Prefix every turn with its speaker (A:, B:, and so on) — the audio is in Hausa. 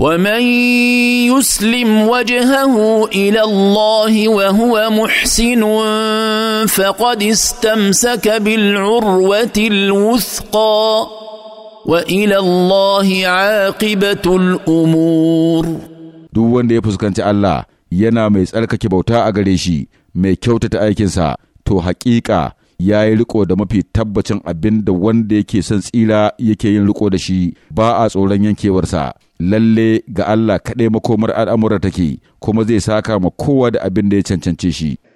A: ومن يسلم وجهه الى الله وهو محسن فقد استمسك بالعروه الوثقى والى الله عاقبه
B: الامور duk wanda ya fuskanci Allah yana mai tsarkake bauta a gare shi mai kyautata aikinsa to haƙiƙa ya yi riko da mafi tabbacin abin da wanda yake son tsira yake yin riko da shi ba a tsoron yankewarsa lalle ga Allah kaɗai makomar al'amura take kuma zai saka ma kowa da abin da ya cancance
C: shi.